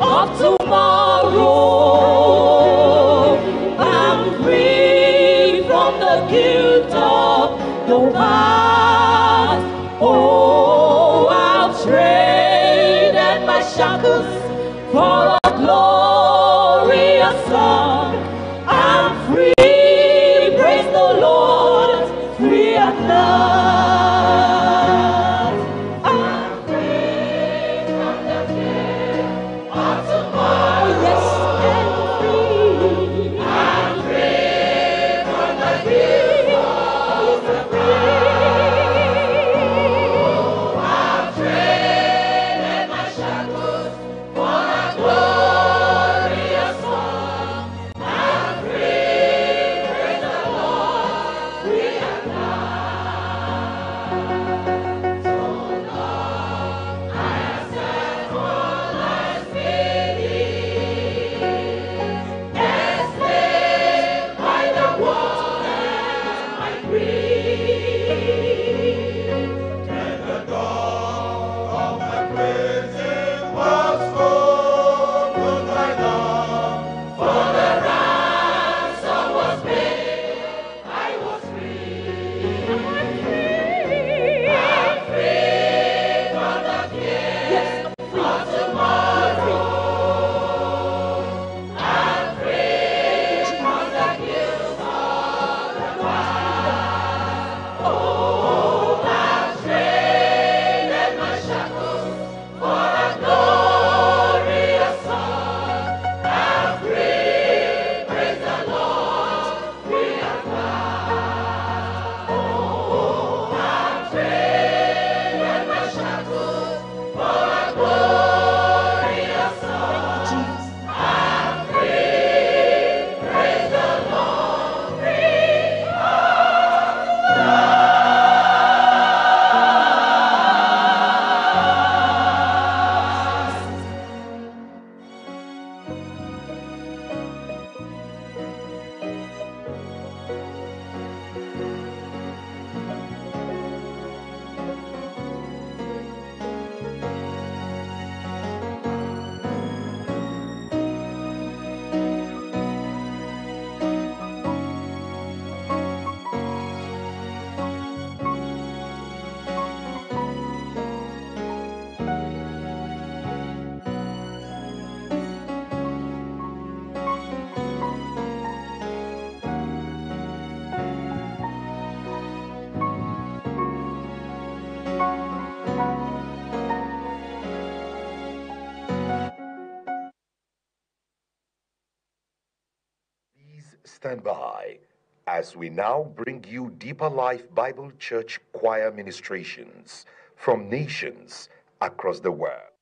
of tomorrow. free from the guilt of the past. Oh, i my shackles for a glorious song. Whoa! Stand by as we now bring you Deeper Life Bible Church choir ministrations from nations across the world.